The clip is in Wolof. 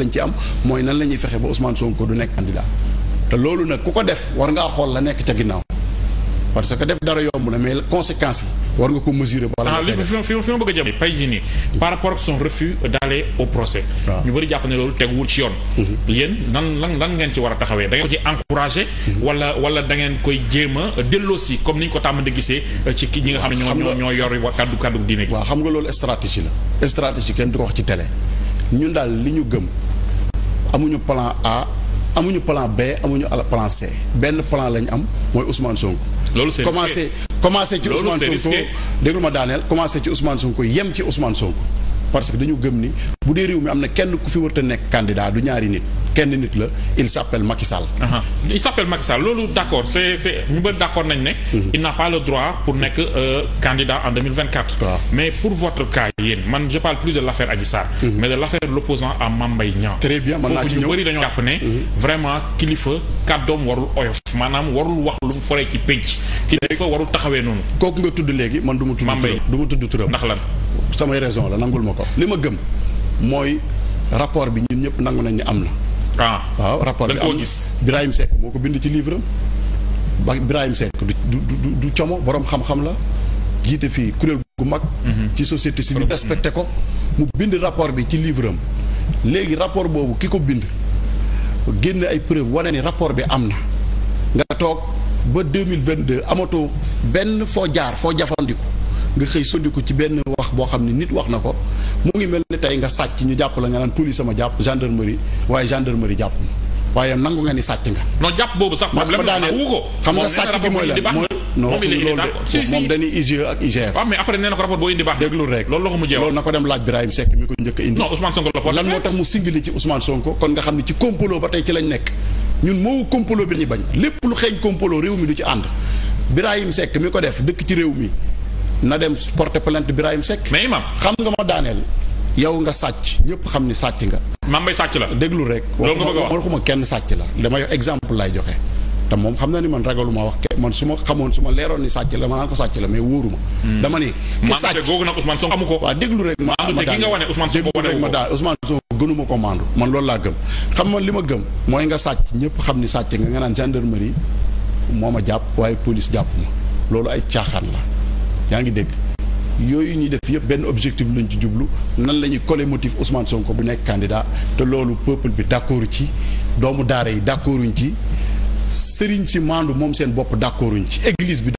lañ ci am mooy nan la ñuy fexe ba Ousmane Sonko du nekk candidat te loolu nag ku ko def war ngaa xool la nekk ca ginnaaw parce que def dara yomb na mais conséquence yi war nga ko mesurer. wala nga ah, fi fi ma bëgg a jëm pay ji nii par rapport ak son refus d'aller au procès. Ah. ñu bëri jàpp ne loolu teguwul ci yoon. Mhm. yéen nan lan lan ngeen ci war a taxawee da ngeen ko ci encouragé. Mhm. wala wala da ngeen koy jéem a delloosi comme ni ñu ko tàmm di gisee. Euh, ci ki ñi nga xam ne ñoo ñoo yor kaddu kaddu diine gi. waaw xam nga loolu stratégie la. stratégie kenn du ko wax ci télé ñun daal li ñu gëm. amuñu plan A amuñu plan B amuñu plan C benn plan lañu am mooy Ousmane Sonko. loolu c'est risqué commencé commencé ci Ousmane Sonko déglu ma daaneel commencé ci Ousmane Sonko yem ci Ousmane Sonko. parce que dañu gëm ni bu dee réew mi am na kenn ku fi war a nekk candidat du ñaari nit kenn nit la il s'appelle Macky Sall. il s'appelle Macky loolu d'accord c'est c'est ñu bëri nañ ne. Mhm. n'a pas le pour nekk euh, candidat en 2024. mais pour votre cas yéen mhm. mais de l'affaire l'opposant à Mame Mbaye Niang. très bien mën naa ci ñëw foofu ñu bëri dañoo jàpp ne. Mhm. vraiment kilifa kàddoom warul oyof maanaam warul wax lu mu foree ci pénc. kilifa warul taxawee noonu. kooku nga tudd léegi man du ma tudd turam. du ma tudd turam ndax la samay raison la nangul ma ko li ma gëm mooy rapport bi ñun ñëpp nangu nañ ni am na. ah waaw rapport bi am Birahim Seck moo ko bind ci livre ba Birahim Seck du du du como borom xam la jiite fii kuréel gu mag. Mhm. ci société civile respecté ko. mu bind rapport bi ci livre am léegi rapport boobu ki ko bind génne ay preuve wane ni rapport bi am na nga toog ba deux mille vingt deux amatoo benn foo jaar foo jafandiku. nga xëy sondiku ci benn wax boo xam ne nit wax na ko mu ngi mel ne tey nga sàcc ñu jàpp la nga naan police sama jàpp gendarmerie waaye gendarmerie jàpp waaye nangu nga ni sàcc nga. non jàpp boobu sax problème la na ko rapport boo indi baax. déglu rek loolu na ko dem laaj Birahim Seck mi ko a indi. non Ousmane Sonko la lan moo tax mu singili ci Ousmane Sonko kon nga xam ne ci complot ba tey ci lañ nekk ñun moo complot bi ñu bañ lépp lu xeeñ complot réew mi du ci ànd Birahim sekk mi ko def dëkk ci réew mi na dem porter plainte Birahim Seck. mais imam xam nga ma daaneel yow nga sàcc ñëpp xam ni sàcc nga. maam bay sàcc la. déglu rek. waxuma kenn sàcc la dama exemple laay joxe. te moom xam na ni man ragaluma wax kenn man su ma xamoon su ma leeroon ni sàcc la ma naan ko mais wóoruma. Hmm. dama ni. ki sàcc maam googu nag Ousmane Sonko ko. déglu rek ma ma daaneel maam ma daaneel Ousmane Sonko gënuma ko maandu man loolu laa gëm. xam man li ma gëm mooy nga sàcc ñëpp xam ni sàcc nga nga naan gendarmerie moo ma jàpp waaye police jàpp ma loolu ay caaxaan la yaa ngi dégg yooyu ñuy def yëpp benn objectif lañ ci jublu nan la ñuy coller motif Ousmane ko bu nekk candidat te loolu peuple bi d'accord ci doomu daara yi d'accorduñ ci sëriñ si maandu moom seen bopp d'accorduñ ci église bi.